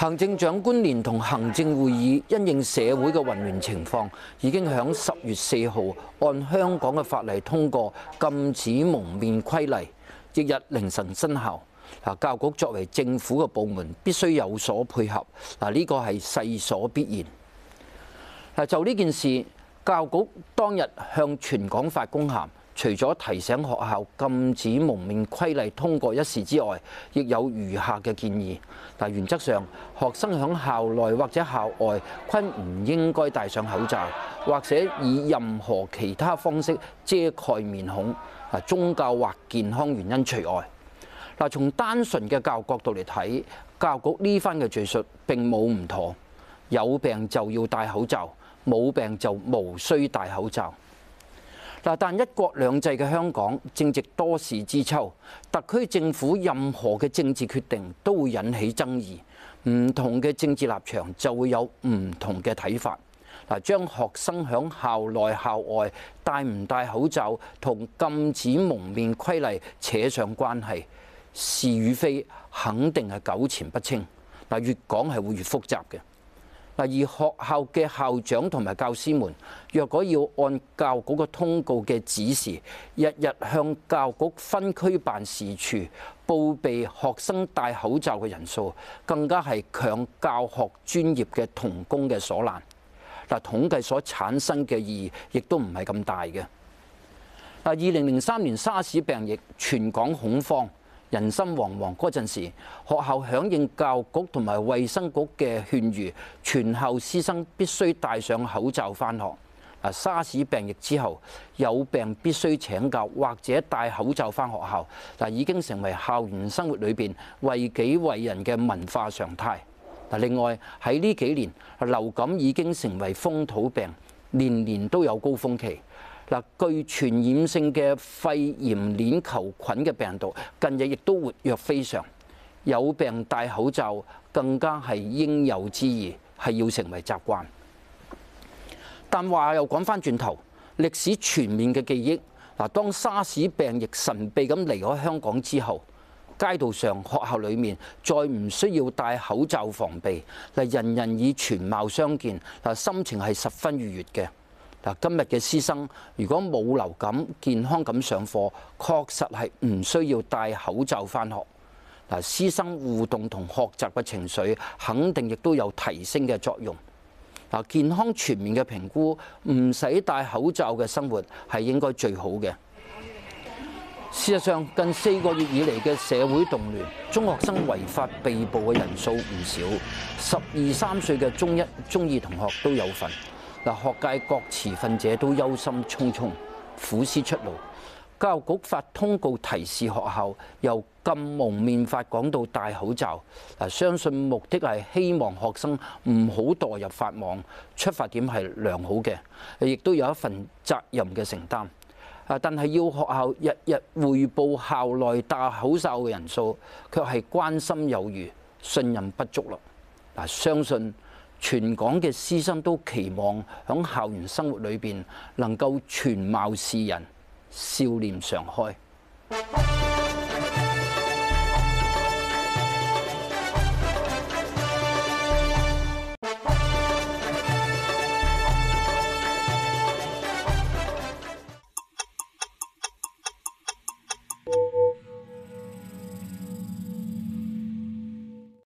行政長官連同行政會議因應社會嘅混亂情況，已經喺十月四號按香港嘅法例通過禁止蒙面規例，翌日凌晨生效。啊，教育局作為政府嘅部門，必須有所配合。嗱，呢個係勢所必然。嗱，就呢件事，教育局當日向全港發公函。除咗提醒學校禁止蒙面規例通過一事之外，亦有如下嘅建議。嗱，原則上，學生響校內或者校外均唔應該戴上口罩，或者以任何其他方式遮蓋面孔。啊，宗教或健康原因除外。嗱，從單純嘅教育角度嚟睇，教育局呢番嘅敘述並冇唔妥。有病就要戴口罩，冇病就無需戴口罩。嗱，但一國兩制嘅香港正值多事之秋，特區政府任何嘅政治決定都會引起爭議，唔同嘅政治立場就會有唔同嘅睇法。嗱，將學生喺校內校外戴唔戴口罩同禁止蒙面規例扯上關係，是與非肯定係糾纏不清。嗱，越講係會越複雜嘅。嗱，而學校嘅校長同埋教師們，若果要按教局嘅通告嘅指示，日日向教局分區辦事處報備學生戴口罩嘅人數，更加係強教學專業嘅同工嘅所難。嗱，統計所產生嘅意義，亦都唔係咁大嘅。嗱，二零零三年沙士病疫，全港恐慌。人心惶惶嗰陣時，學校響應教局同埋衛生局嘅勸喻，全校師生必須戴上口罩返學。嗱，沙士病疫之後，有病必須請假或者戴口罩返學校，但已經成為校園生活裏邊為己為人嘅文化常態。嗱，另外喺呢幾年，流感已經成為風土病，年年都有高峰期。嗱，具傳染性嘅肺炎鏈球菌嘅病毒，近日亦都活躍非常。有病戴口罩，更加係應有之義，係要成為習慣。但話又講翻轉頭，歷史全面嘅記憶。嗱，當沙士病疫神秘咁離開香港之後，街道上、學校裏面再唔需要戴口罩防備。嗱，人人以全貌相見，嗱，心情係十分愉悅嘅。嗱，今日嘅師生如果冇流感、健康咁上課，確實係唔需要戴口罩返學。嗱，師生互動同學習嘅情緒肯定亦都有提升嘅作用。嗱，健康全面嘅評估，唔使戴口罩嘅生活係應該最好嘅。事實上，近四個月以嚟嘅社會動亂，中學生違法被捕嘅人數唔少，十二三歲嘅中一、中二同學都有份。嗱，學界各持份者都憂心忡忡，苦思出路。教育局發通告提示學校，由禁蒙面法講到戴口罩。嗱，相信目的係希望學生唔好墮入法網，出發點係良好嘅，亦都有一份責任嘅承擔。啊，但係要學校日日匯報校內戴口罩嘅人數，卻係關心有餘，信任不足啦。嗱，相信。全港嘅師生都期望喺校園生活裏邊能夠全貌示人，笑臉常開。